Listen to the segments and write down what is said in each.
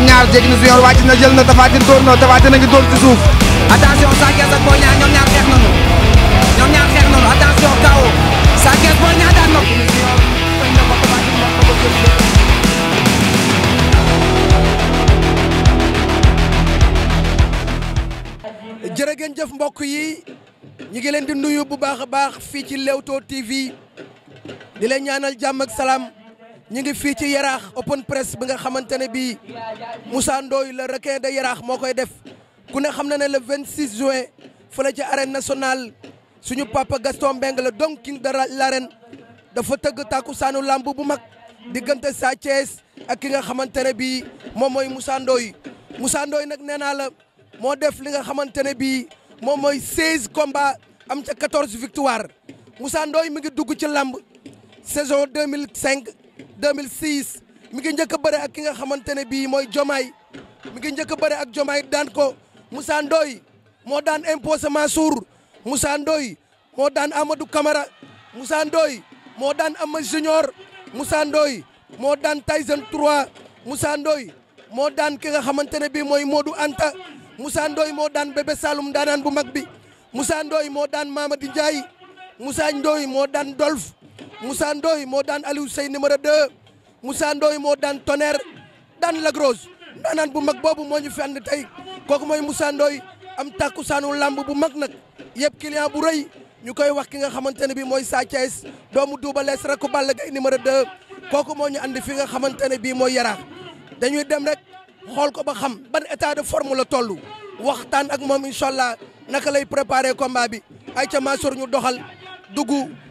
ñoom na su yor wàcc na jël na Tapha Tine jëf mbokk yi ñu ngi leen di nuyu bu baax a baax fii ci Leewtoo TV di leen ñaanal jàmm ak salaam ñi ngi fii ci yaraax open press bi nga xamante ne bii Moussa Ndoye le requin de yaraax moo koy def ku ne xam na ne la vingt 26 juin fële ci arène nationale suñu papa Gaston Mbengue la Don King de l'arène dafa tëgg tàkkusaanu làmb bu mag diggante Sa Thiès ak ki nga xamante ne bii moom mooy Moussa Ndoye Moussa nag nee naa la moo def li nga xamante ne bii moom mooy 16 combats am ca 14 victoire Moussa Ndoye mi ngi dugg ci làmb saison 2005. 2006 mi ngi njëkk a ak ki nga xamante ne bii mooy Jomaay mi ngi njëkk a bëre ak Jomaay daan ko Moussa Ndoye moo daan imposé Mansour Moussa Ndoye moo daan Amadou Camara Moussa Ndoye moo daan Ama Junior Moussa moo daan Tyson 3 Moussa Ndoye moo daan ki nga xamante ne bii mooy Modou Anta Moussa moo daan Bébé Saloum daanaan bu mag bi Moussa Ndoye moo daan Mamadi Ndiaye Moussa Ndoye moo daan Dolf Moussa Ndoye moo daan Aliou Seye numéro 2 Moussa Ndoye moo daan Tonnerre daan Lagrose ndaanaan bu mag boobu moo ñu fi ànd tey kooku mooy Moussa Ndoye am tàkkusaanu làmb bu mag nag yëpp client bu rëy ñu koy wax ki nga xamante ne bii mooy Sa Thiès doomu Double Less rek ku Balla numéro 2 kooku moo ñu andi fi nga xamante ne bii mooy Yaraax dañuy dem rek xool ko ba xam ban état de forme la toll waxtaan ak moom incha allah naka lay préparer combat bi ay ca Mansour ñu doxal dugg.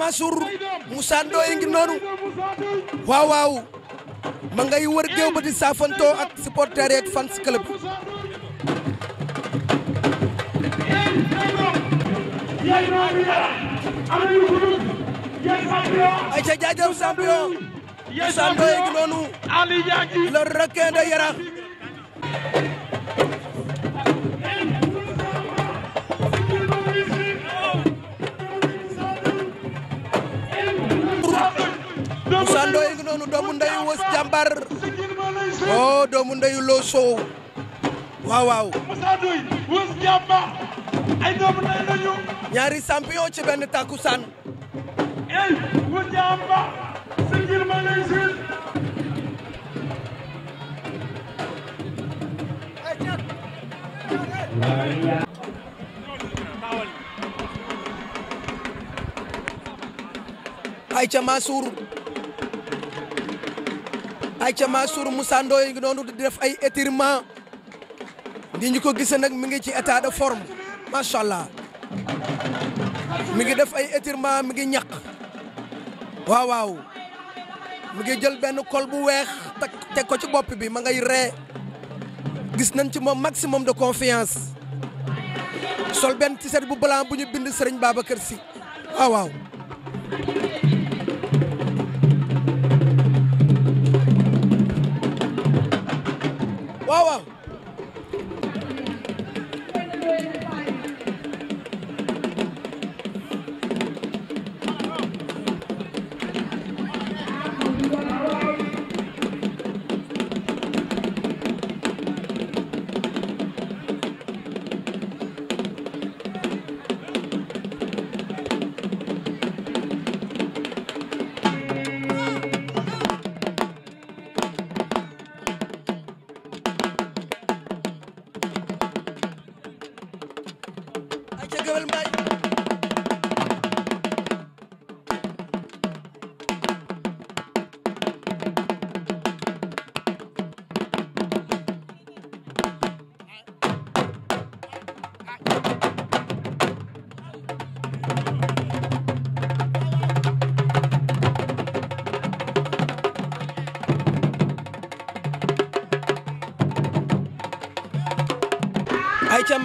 Mansour Moussa Ndoye ngi noonu waaw ma ngay wër géew ba di saafantoo ak supporter ak fans club ay ca jaajëf champion Moussa noonu le requin de Yarakh noonu doomu ndeyu was jàmbar oh doomu ndeyu loo soow waaw waaw Moussa Ndoye ay doomu ndeyu lañu ñaari champion benn takkusaan ey was jàmbar sigil ma lay sil ca Mansour ay ca Mansour Moussa Ndoye ngi doon di def ay étirement di ñu ko gisee nag mi ngi ci état de forme macha allah mi ngi def ay étirement mi ngi ñaq waaw waaw mi ngi jël benn kol bu weex teg ko ci bopp bi ma ngay ree gis nañ ci moom maximum de confiance sol benn t-shirt bu blanc bu ñu bind Serigne Babacar Sy waaw waaw. waaw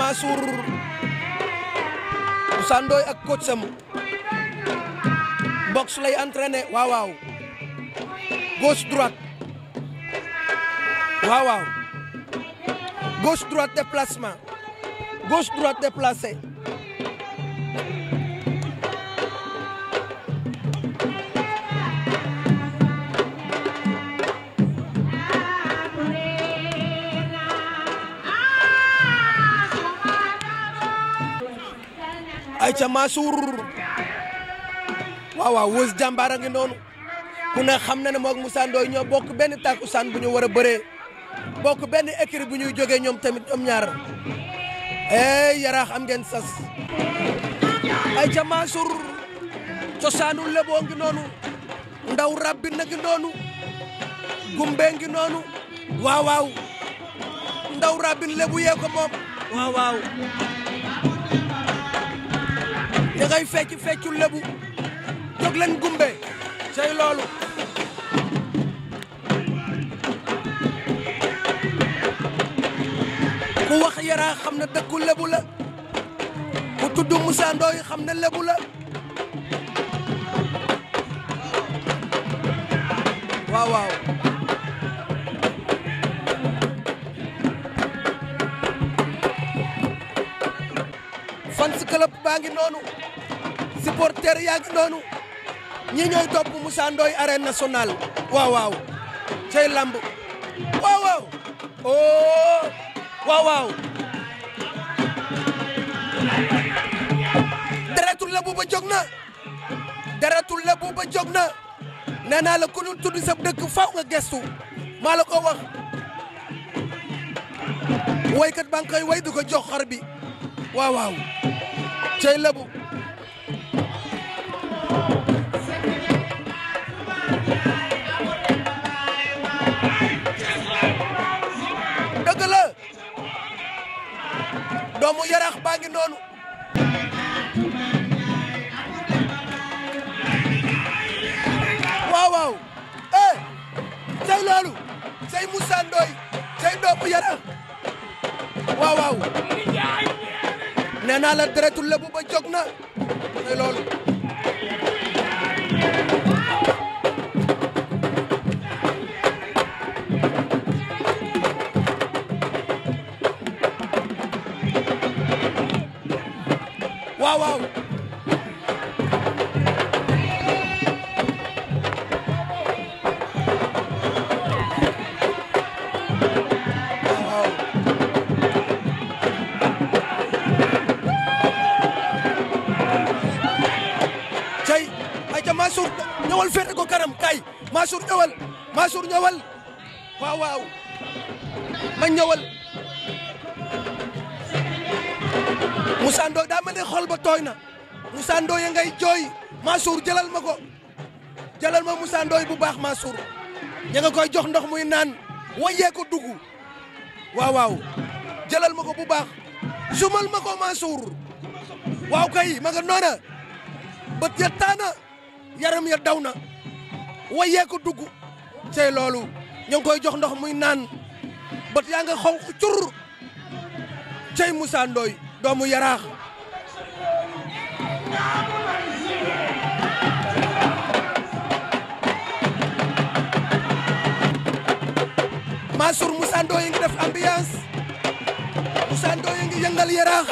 Mansour Moussa Ndoye ak coach sam boxe lay entraîné waaw waaw gauche droite ca Mansour waaw waaw Weuz jàmbaar a ngi noonu xam na ne moog Moussa Ndoye ñoo bokk benn takkusaan bu ñu war a bëree bokk benn écrit bu ñuy jógee ñoom tamit ñoom ñaar eh yaraax am ngeen sas ay ca Mansour cosaanu leboo ngi noonu ndaw rabbi na ngi noonu gumbe ngi noonu waaw lebu yee ko moom da ngay fecc feccu lebu jóg gumbe say loolu ku wax yaraa xam na dëkku lebu la ku tudd Moussa xam ne lebu la waaw waaw fans club baa ngi noonu supporters yaa ngi noonu ñi ñooy topp Moussa Ndoye arène nationale waaw waaw cey lamb waaw waaw oh. deretul la buuba jóg na deretul la buuba jóg na nee la ku tudd sa dëkk faaw nga gestu maa la ko wax waykat baa ngi koy way du ko jox xar bi waaw waaw cey labu doomu yarax baa ngi noonu waaw waaw eh loolu say Moussa Ndoye say doomu yarax waaw waaw naa la deretu lebu ba jóg na say loolu Mansour ñëwal waaw waaw ma ñëwal Moussa Ndoye daa mel xol ba tooy na Moussa Ndoye ngay jooy Mansour jëlal ma ko jëlal ma Moussa Ndoye bu baax Mansour ña nga koy jox ndox muy naan wayee ko dugg waaw waaw jëlal ma ko bu baax sumal ma ko Mansour waaw kay ma nga noona bët ya taana yaram ya daw na wayee ko dugg cey loolu ñoo ngi koy jox ndox muy naan bët yaa nga xonq cur cey Moussa Ndoye doomu yaraax Mansour Moussa Ndoye ngi def ambiance Moussa Ndoye ngi yëngal yaraax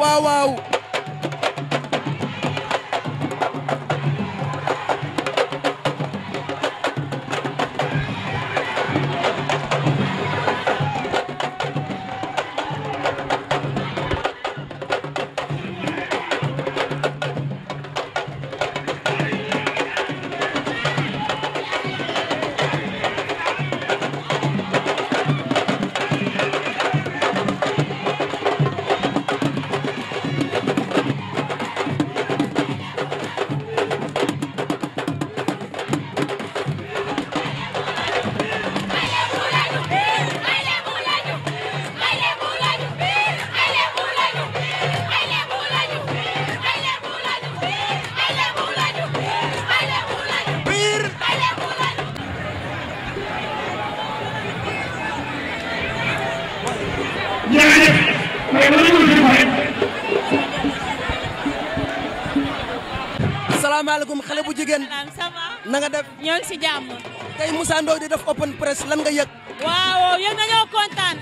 waaw waaw jigéen. na nga def ñoo ngi si jàmm. tey Moussa Ndoye di def open press lan nga yëg. waaw yëg nañoo kontaan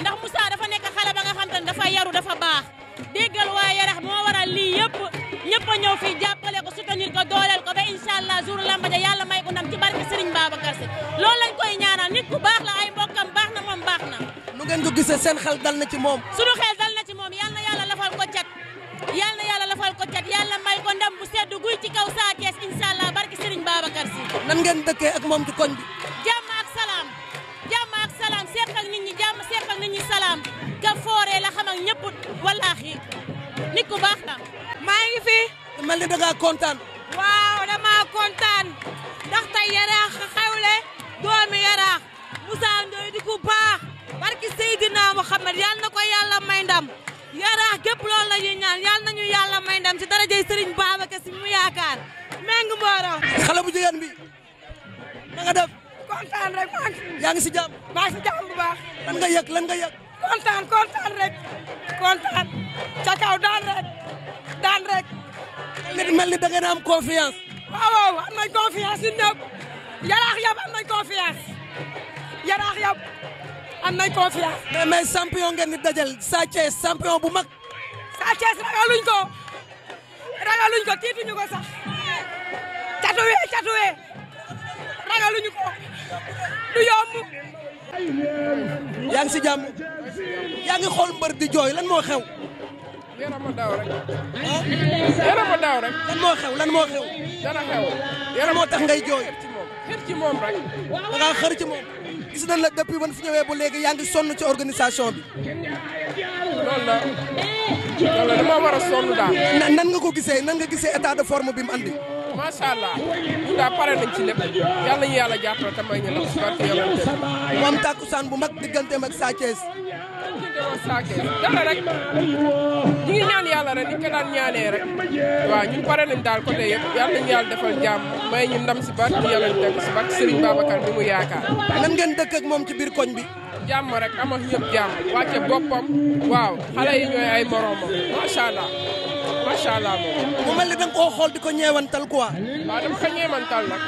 ndax Moussa dafa nekk xale ba nga xam te ne dafa yaru dafa baax déggal waa Yarax moo waral lii yëpp ñëpp a ñëw fii jàppale ko soutenir ko dooleel ko ba incha allah jour ja yàlla may ko ndam ci barke Serigne Babacar Sy loolu lañ koy ñaanal nit ku baax la ay mbokkam baax na moom baax na. nu ngeen ko gisee seen xel dal na ci moom. sunu xel dal yal na yàlla lafal ko cat yàlla may ko ndam bu sedd guy ci kaw Sa Thiès incha allah barki Serigne Babacar Sy. nan ngeen dëkkee ak moom ci koñ bi. jàmm ak salaam jàmm ak salaam seq ak nit ñi jàmm salaam ka fooree la xam ak ñëpp wallaahi nit baax la. maa ngi fi. mel ni da kontaan. waaw damaa kontaan ndax tey yaraax xewle doomi yaraax Moussa Ndoye di ku baax barki Seydina Mouhamed yal na ko yàlla may ndam. yaraax gépp loolu la ñuy ñaan yal nañu yàlla may ndam ci darajay Serigne Babacar Sy mu yaakaar méng mbooloo. xale bu jigéen bi na nga def. kontaan rek maa si jàmm. maa si jàmm bu baax. lan nga yëg lan nga yëg. kontaan kontaan rek. kontaan ca kaw daan rek daan rek. nit mel ni da ngeen am confiance. waaw nañ confiance ñun ñëpp yaraax yëpp am nañ confiance yaraax yëpp. am nañ confiance. mais mais champion ngeen dajal Sa Thiès bu mag. Sa Thiès ragaluñ ko ragaluñ ko tiituñu ko sax catuwe catuwe ragaluñu ko du yomb. yaa ngi si jàmm yaa ngi xool mbër di jooy lan moo xew. yaram a daaw lan moo xew lan moo tax ngay jooy. xër ci moom rek. da ngaa xër ci moom. gis nañ la depuis ban fi ñëwee ba yaa ngi sonn ci organisation bi. loolu la loolu la dama war a sonn daal. nan nan nga ko gisee nan nga gisee état de forme bi mu andi. macha allah ñun daal pare ci lépp yàlla ñu yàlla jàppale te may ñu la si barke yonente. moom tàkkusaan bu mag digganteem ak Sa féetewoo Sa Thiès dara rek ñaan yàlla rek ni ñu ko daan ñaanee rek waaw ñun pare nañ daal côté yëpp yàlla nañu yàlla defal jàmm may ñu ndam si bat ñu yàlla ñu dem si bat Serigne Babacar bi mu yaakaar. nan ngeen dëkk ak moom ci biir koñ bi. jàmm rek amal ñëpp jàmm wàcce boppam waaw xale yi ñooy ay moromam macha allah. macha allah moom. mu mel ni koo xool di ko ñeewantal quoi. waaw dama ko ñeewantal nag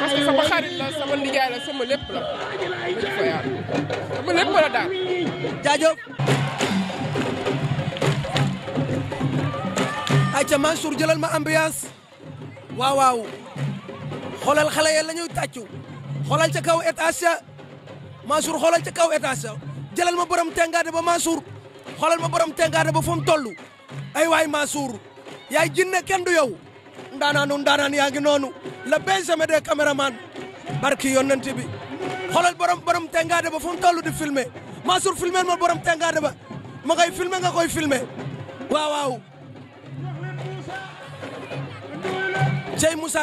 parce sama xarit la sama nijaay la sama lépp la dafa yaatu sama lépp la jëlal ma ambiance waaw xoolal xale ya la ñuy xoolal ca kaw et ya Mansour xoolal ca kaw étage ya jëlal ma borom tengaade ba Mansour xoolal ma borom tengaade ba fu mu toll. ay waay Mansour yaay jinne kenn du yow ndaanaanu ndaanaan yaa ngi noonu la benjamin des caméraman barki yonent bi xoolal borom borom tengaade ba fu mu toll di filmer Mansour filmer ma borom tengaade ba ma koy nga koy filmer waaw waaw cey Moussa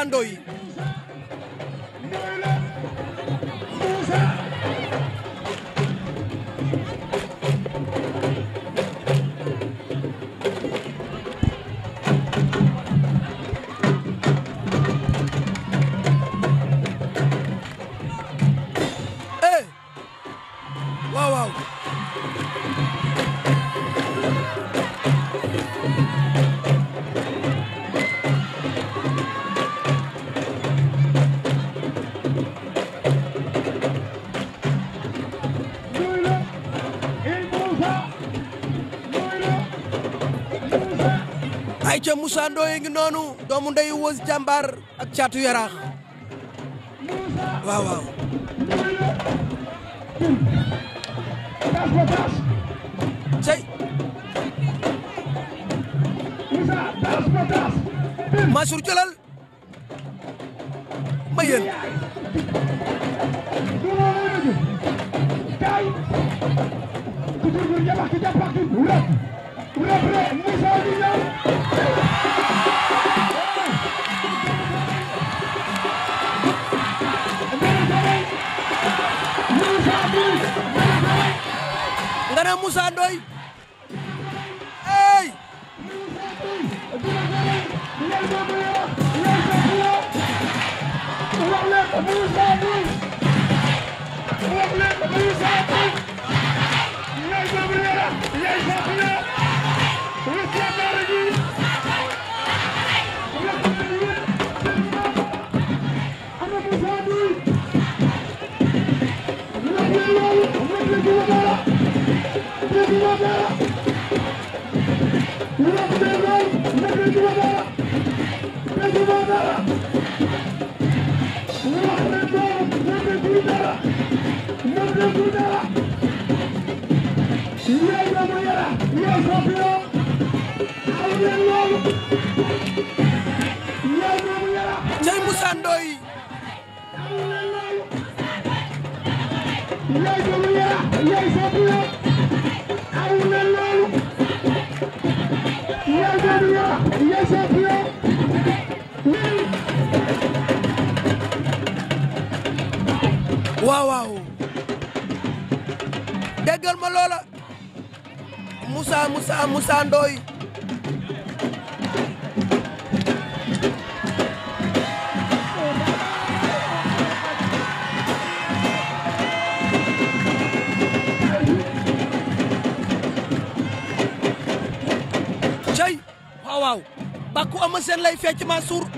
musa de Moussa ngi noonu doomu ndeyu Wos jàmbaar ak caatu yaraax waaw waaw cey Mansour jëlal ma yéen kay nga ne Moussa Ndoye ey Moussa Ndoye waaw waaw Moussa Moussa Moussa Ndoye cey waaw waaw bakku Eumeu Sène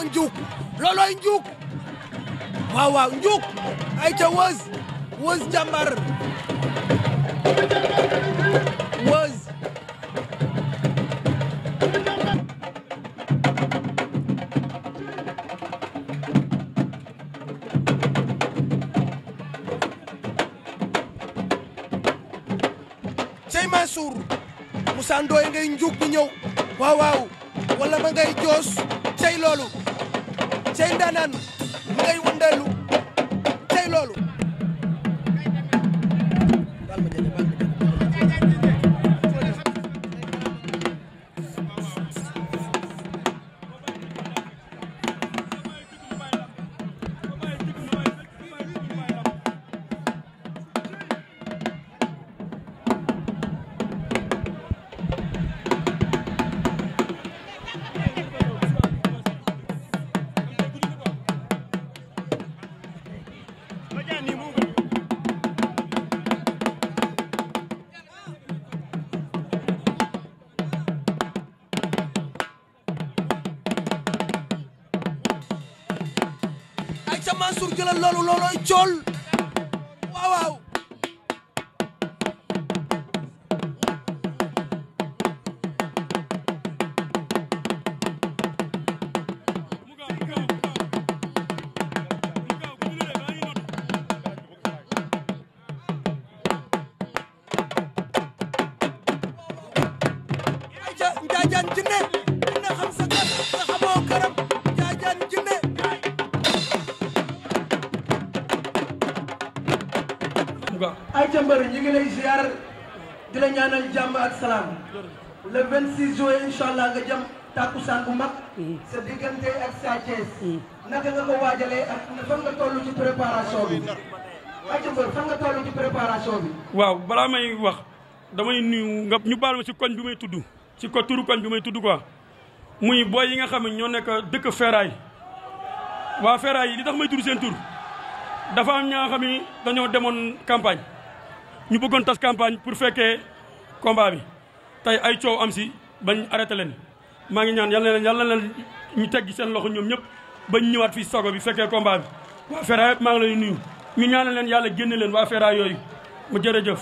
ko njuuk loolooy njuuk waaw waaw ay ca wës wës jàmbar wës cey Mansour Moussa Ndoye ngay njuuk di ñëw waaw waaw ma ngay joos cey loolu say ndaanaan ngay wëndeelu ca Mansour jëlal loolu loolooy cool waaw waaw le 26 juin incha allah nga jëm takkusaan bu mag. Mm. sa diggante ak Sa Thiès. Mm. naka nga nga toll ci préparation fan nga toll ci préparation bi. waaw balaa may wax damay nuyu nga ñu baal si koñ bi may tudd si ko turu koñ bi may tudd quoi muy booy yi nga xam ne ñoo nekk dëkk Feeraay waa Feeraay yi li tax may tudd seen tur dafa am ñaa nga dañoo demoon campagne ñu bëggoon tas campagne pour fekkee combat bi. tey ay coow am si bañ arrêté leen maa ngi ñaan yàlla na leen yàlla na leen ñu teggi seen loxo ñoom ñëpp bañ ñëwaat fii sago bi fekkee combat bi waa Feera yëpp maa ngi lay nuyu ñu ñaanal leen yàlla génne leen waa Feera yooyu mu jërëjëf.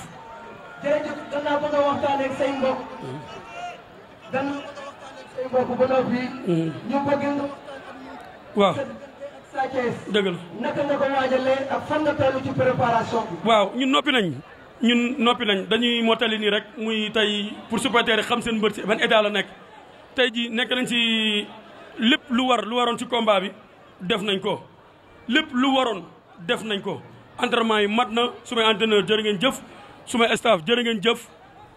jërëjëf gannaaw ba nga waxtaanee ak say mbokk. gannaaw say mbokk ba noo fi. Hmm. ñu bëgg. waaw Sa Thiès. dëgg la naka nga ko waajalee ak fan nga toll ci préparation bi. waaw ñun noppi nañ ñun noppi nañ dañuy mottali nii rek muy tey pour supporter xam seen mbër si ban état la nekk tey ji nekk nañ si lépp lu war lu waroon si combat bi def nañ ko lépp lu waroon def nañ ko entraînement yi mat na su may entraîneur jërë ngeen jëf su may staff jërë ngeen jëf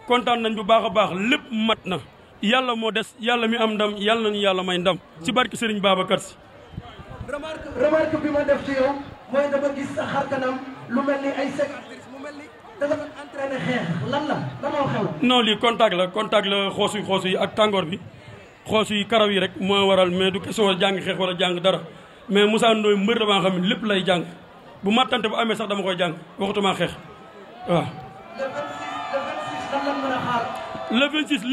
kontaan nañ bu baax a baax lépp mat na yàlla moo des yàlla mi am ndam yàlla nañu yàlla may ndam ci barke Serigne Babacar Si remarque remarque bi ma def ci yow mooy dama gis sa xar dafa doon entraîné la la lii contact la contact la xoosu xoosu yi ak tàngoor bi xoosu yi karaw yi rek moo waral mais du question war a jàng xeex wala jàng dara mais Moussa Ndoye mbër la xam ne lépp lay jàng bu mattante bu amee sax dama koy jàng waxtuma xeex waaw.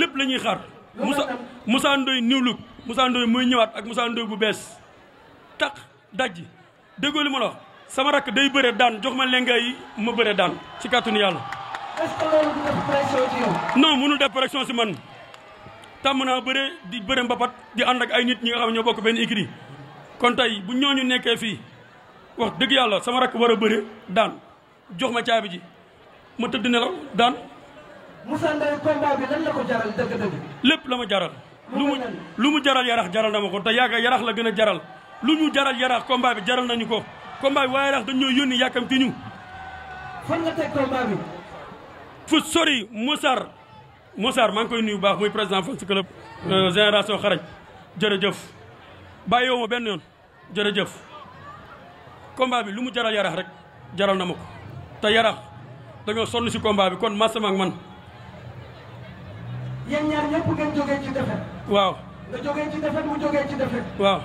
lépp la ñuy xaar. Moussa Moussa Ndoye New Look muy ñëwaat ak Moussa Ndoye bu bees tax dajji déggoo li ma la sama rakk day bëre daan jox ma lengay yi ma bëre daan ci kàttanu yàlla. est-ce non mënul def pression si man tàmm naa bëre di bëre mbapat di ànd ak ay nit ñi nga xam ñoo bokk benn écurie kon tey bu ñu nekkee fii wax dëgg yàlla sama rakk war a bëre daan jox ma caabi ji ma tëdd nelaw daan. Moussa Ndoye combat bi lan la ko jaral dëgg-dëgg. lépp la ma jaral. lu mu lu mu jaral yarax jaral na ma ko te yaakaar yarax la gën a jaral lu ñu jaral yarax combat bi jaral nañu ko. combat bi waaye rax dañ ñoo yónni yàkkamti ñu. fan nga teg combat bi. fu sori Moussar Moussar maa ngi koy nuyu baax muy président fan club euh, génération xarañ jërëjëf bàyyi woo ma benn yoon jërëjëf. combat bi lu mu jaral yarax rek jaral na ma ko te yarax dañoo sonn si combat bi kon masama ak man. yéen ñaar ñëpp ngeen jógee ci defet. waaw nga jógee ci defet mu jógee ci defet. waaw.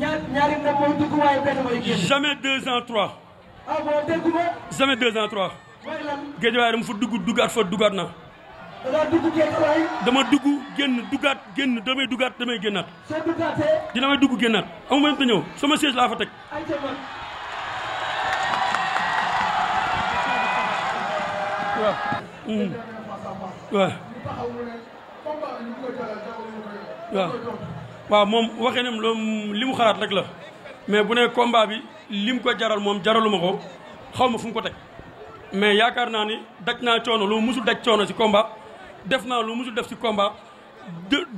ñaar ñaari ndam mooy dugg deux ans trois. ah deux ans trois. géej waaye dama fa dugg duggaat fa duggaat naa. dugg géej waay. dama dugg génn duggaat génn damay duggaat damay génnaat. dina may dugg génnaat amu ma yëpp ñëw sama siège laa fa teg. ay man. waaw. Hmm. waaw moom waxee nam loolu li mu xalaat rek la mais bu nee combat bi lim ko jaral moom jaraluma ko xaw ma fu mu ko teg mais yaakaar naa ni daj naa coono lu mu musul daj coono ci combat def naa lu mësul def ci combat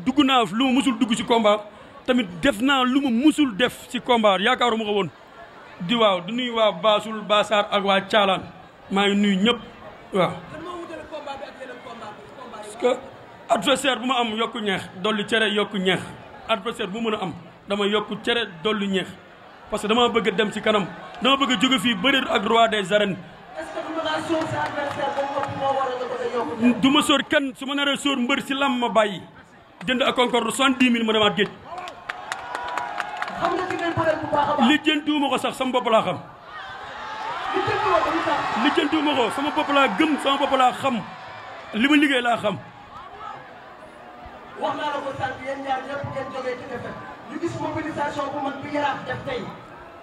dugg naa lu mu dugg ci combat tamit def naa lu mu musul def ci combat yaakaaruma ko woon di waaw du nuyu waa Baasul Baasaar ak waa Caalaan maa ngi nuyu ñëpp waaw. parce bu ma am yokk ñeex dolli cere yokk ñeex. adversaire bu mën a am dama yokk cere dollu ñeex parce que dama bëgg dem ci kanam dama bëgg a jóge fii bëreetu ak roi des arènes. du ma naan sóor kenn su ma naree sóor mbër si lam ma bàyyi jënd ak encore soixante-dix mille ma demaat géej. xam nga ci a baax. li jëntuwuma ko sax sama bopp laa xam. li jëntuwuma ko li sama bopp laa gëm sama bopp laa xam li ma liggéey laa xam. wax naa la ko sànq yéen ñaar ñëpp ngeen jógee ci defet ñu gis mobilisation bu mag bi yaraax def tey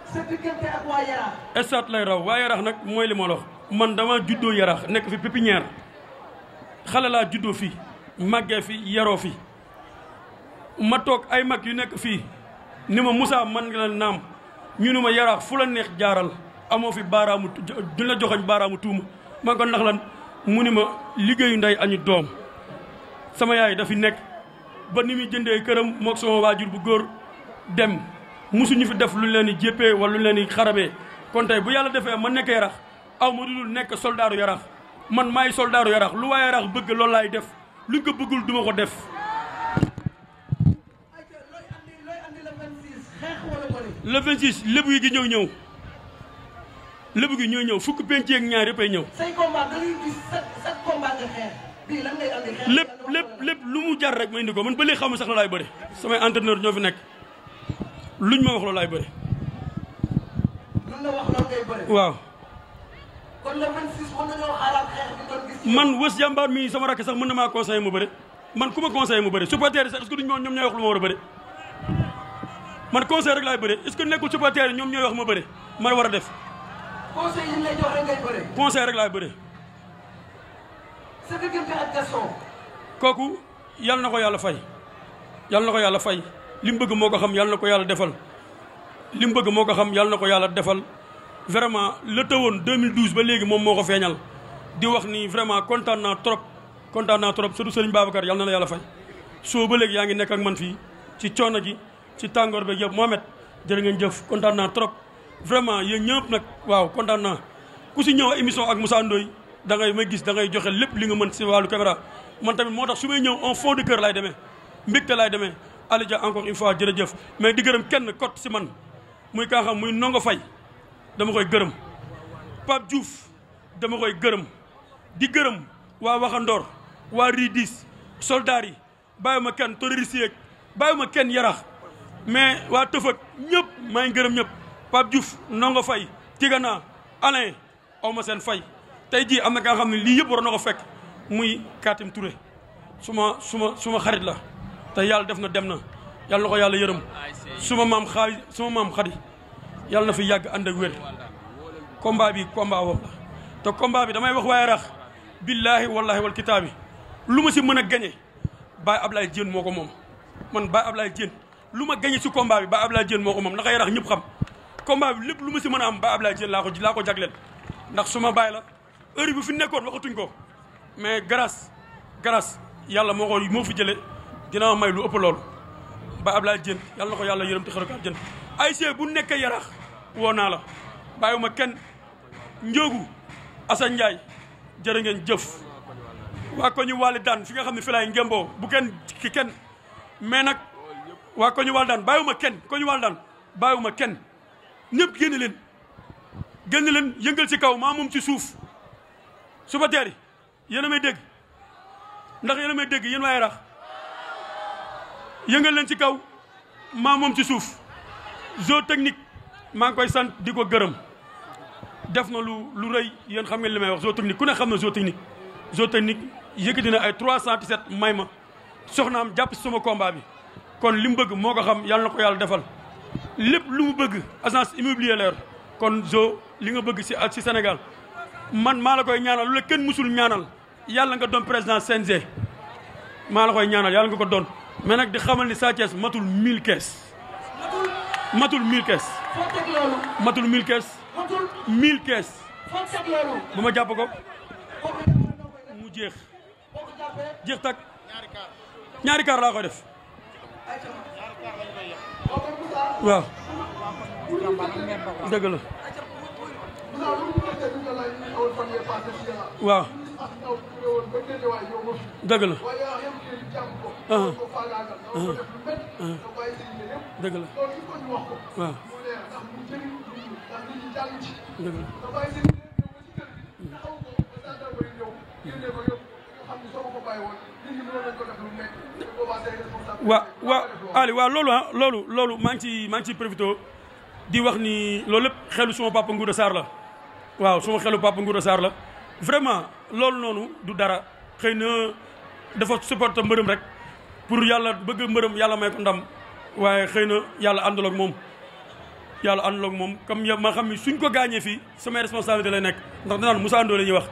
sa diggante ak waa yaraax estat lay raw waa yaraax nag mooy li ma la man dama juddoo yaraax nekk fi pépinière xale laa juddoo fii màggee fi yaroo fi ma toog ay mag yu nekk fii ni ma musaa man nga la naam ñu ni ma yaraax fu la neex jaaral amoo fi baaraamu duñ la joxoñ baaraamu tuuma man ko ndax lan mu ni ma liggéeyu ndey añu doom sama yaay dafi nekk ba ni muy jëndee këram moo mook sama waajur bu góor dem musuñu fi def lu leen di jéppee wala lu leen di xarabee kon tey bu yàlla defee ma nekk yarax aw ma dudul nekk soldaaru yarax man maay soldaaru yarax lu waa yarax bëgg loolu laay def luñ ko bëggul duma ko def le 26 lébu yi gi ñëw ñëw lébu gi ñëw ñëw fukk penc ak ñaar yëppay ñëw. jar rek ma indi ko man ba léegi xaw sax la laay bëri samay entraîneur ñoo fi nekk luñ ma wax loolu laay bëri. waaw. kon man siis wës jàmbaar mi sama rakk sax mën na maa conseillé mu bëri man ku ma conseillé mu bëri supporter sax est-ce que duñ ñoom ñooy wax lu ma war a bëri. man conseil rek laay bëri est nekkul supporter yi ñoom ñooy wax ma bëri man war a def. conseil yi lay rek laay bëri. yàlla na ko yàlla fay yàlla na ko yàlla fay li mu bëgg moo ko xam yàlla na ko yàlla defal li mu bëgg moo ko xam yàlla na ko yàlla defal vraiment la tawoon 2012 ba léegi moom moo ko feeñal di wax ni vraiment kontaan naa trop kontaan naa trop surtout Serigne Babacar yàlla na la yàlla fay soo ba léegi yaa ngi nekk ak man fii ci coono ji ci tàngoor beeg yëpp Mohamed jërë ngeen jëf kontaan naa trop vraiment yéen ñëpp nag waaw kontaan naa ku si ñëw émission ak Moussa Ndoye da ngay may gis da ngay joxe lépp li nga mën si wàllu caméra man tamit moo tax su may ñëw en fond di kër laay deme mbégte laay demee Aly Dia encore une fois jërëjëf mais di gërëm kenn kot si man muy kaa xam muy nongo fay dama koy gërëm Pape Diouf dama koy gërëm di gërëm waa waxandoor waa ridis soldats yi bàyyi ma kenn terroriste yeeg bàyyi ma kenn yarax mais waa tëfët ñëpp maa ngi gërëm ñëpp Pape Diouf nongo fay Tigana Alain aw ma seen fay tey jii am na kaa xam ne lii yëpp war na ko fekk muy Katim Touré suma suma suma xarit la te yàlla def na dem na yàlla na ko yàlla yërëm suma maam xaay suma maam xadi yàlla na fi yàgg ànd ak wér combat bi combat woowu la te kombaa bi damay wax waaye rax billaahi wallaahi wal kitaabi lu ma si mën a gañe Baye Ablaye jën moo ko moom man Baye Ablaye jën lu ma gañe si kombaa bi Baye Ablaye Diène moo ko moom naka yarax ñëpp xam combat bi lépp lu ma si mën a am ba Ablaye Diène laa ko laa ko jagleel ndax suma baay la heure bu fi nekkoon waxatuñ ko mais grâce grâce yàlla moo xool moo fi jële dina may lu ëpp loolu ba Ablaye Dieng yàlla na ko yàlla yërëm te xaral ko ak Dieng ayce bu nekkee yarax woo naa la bàyyiwuma kenn njóogu Assane Ndiaye jërë ngeen jëf waa ko ñu wàlli daan fi nga xam ne fi laay ngemboo bu kenn ki kenn mais nag waa ko ñu wàlli daan bàyyiwuma kenn ko ñu wàlli daan bàyyiwuma kenn ñëpp génn leen génn leen yëngal ci kaw maa moom ci suuf suba teeri yéen may dégg ndax yéen a may dégg yéen waa Yaraax yëngal leen ci kaw maa moom ci suuf zone technique maa ngi koy sant di ko gërëm def na lu lu rëy yéen xam ngeen li may wax zone technique ku ne xam na zone technique zone technique yëkkati na ay 317 may ma soxnaam jàpp si sama combat bi kon li mu bëgg moo ko xam yàlla na ko yàlla defal lépp lu mu bëgg agence immobilière kon zo li nga bëgg si ak si Sénégal man maa la koy ñaanal lu la kenn musul ñaanal yàlla nga doon président CNG maa la koy ñaanal yàlla nga ko doon mais nag di xamal ni Sa matul 1000 kees. matul 1000 kees. matul 1000 kees. matul ma jàpp ko mu jeex jeex tak ñaari kaar laa koy def waaw dëgg la dëgg la waaw dëgg waaw loolu ah loolu loolu maa ngi ciy maa ngi ciy profité di wax ni loolu lépp xelu suma papa Ngouda Sarr la waaw suma xelu papa Ngouda Sarr la vraiment loolu noonu du dara xëy na dafa supporter mbërëm rek pour yàlla bëgg mbërëm yàlla may ko ndam waaye xëy na yàlla àndul ak moom yàlla àndul ak moom comme ya ma xam ni suñ ko gaañee fii samay responsabilité lay nekk ndax danaan Moussa Ndoye la ñuy wax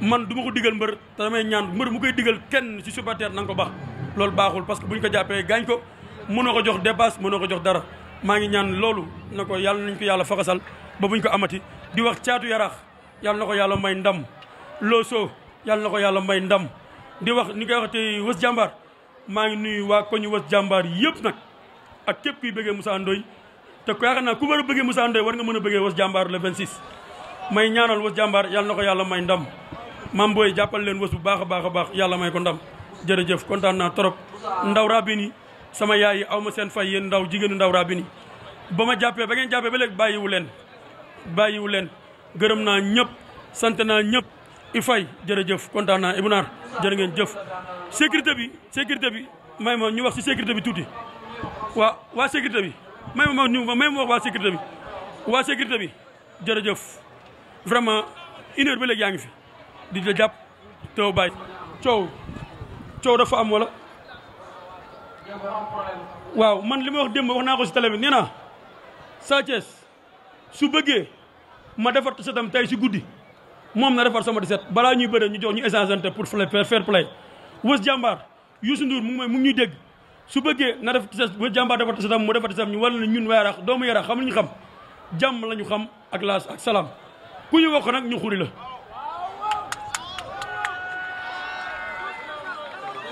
man du ma ko digal mbër te damay ñaan mbër mu koy digal kenn ci supporter na nga ko baax loolu baaxul parce que bu ñu ko jàppee gaañ ko mënoo ko jox dépasse mënoo ko jox dara maa ngi ñaan loolu na ko yàlla nañ ko yàlla faxasal ba buñ ko amati di wax caatu yaraax yal na ko yàlla may ndam loo Loso yal na ko yàlla may ndam di wax ni koy wax te wës jàmbaar maa ngi nuyu waa ko ñu wës jàmbaar yëpp nag ak képp kuy bëggee Moussa Ndoye te ko yaakaar naa ku war a bëggee Moussa Ndoye war nga mën a bëggee wës jàmbaar le 26 may ñaanal wës jàmbaar yal na ko yàlla may ndam mam booy jàppal leen wës bu baax a baax a baax yàlla may ko ndam jërëjëf kontaan naa trop ndaw rabini sama yaay yi aw ma seen fay yéen ndaw jigéenu ndaw rabini ba ma jàppee ba ngeen jàppee ba léegi bàyyiwu leen bàyyiwu leen gërëm naa ñëpp sant naa ñëpp i fay jërëjëf kontaan naa Ibou jëf sécurité bi sécurité bi may ma ñu wax si sécurité bi tuuti waa waa sécurité bi may ma ñu may ma wax waa sécurité bi waa sécurité bi jërëjëf vraiment une heure ba léegi yaa ngi fi di la jàpp teew bàyyi coow coow dafa am wala waaw man li ma wax démb wax naa ko si télé nee naa Sa su bëggee ma defar setam tey si guddi moom na defar sama di balaa ñuy bëre ñu jox ñu échangeante pour fair play wës jàmbaar Youssou Ndour mu ngi may mu ngi ñuy dégg su bëggee na def set wës jàmbaar defar setam mu defar setam ñu war na ñun weerax doomu yarax xam la ñu xam jàmm la ñu xam ak laas ak salaam ku ñu wax nag ñu xuri la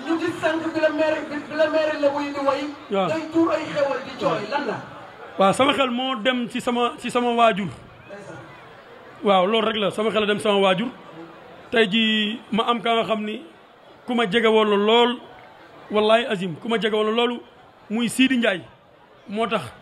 ñu ngi sant bi la maire bi la maire la wuy di way day tuur ay xewal di jooy lan la waaw sama xel moo dem ci sama ci sama waajur waaw loolu rek la sama xela dem sama waajur tey jii ma am ka nga xam ni ku ma jege woon lool wallaahi azim ku ma jege woon loolu muy Sidi Ndiaye moo tax.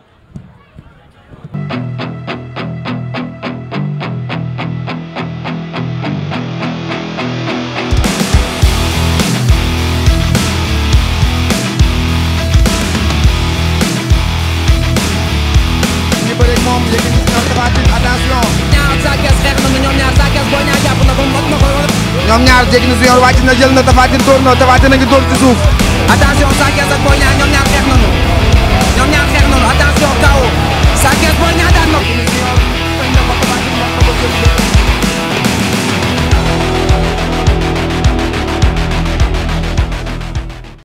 ñoom ñaar jéggi na junior wàcc na jël na Tapha Tine na Tapha ngi dóor ci suuf attention Sa ñoom ñaar xeex nañu ñoom ñaar xeex nañu attention kaw Sa Thiès Boy Niang daan na